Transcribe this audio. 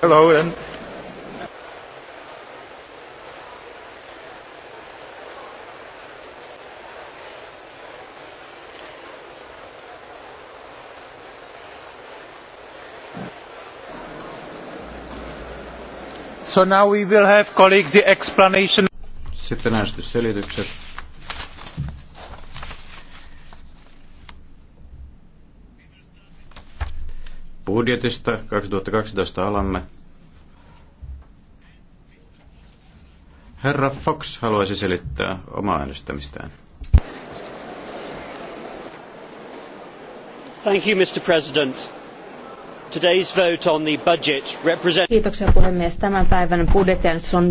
Hello and So now we will have colleagues the explanation. Sitten äänestysselitykset. budjetista 2012 alamme. Herra Fox haluaisi selittää omaa äänestämistään. Thank you, Mr. President. Today's vote on the budget represents... Kiitoksia puhemies. Tämän päivän budjettiäänestys on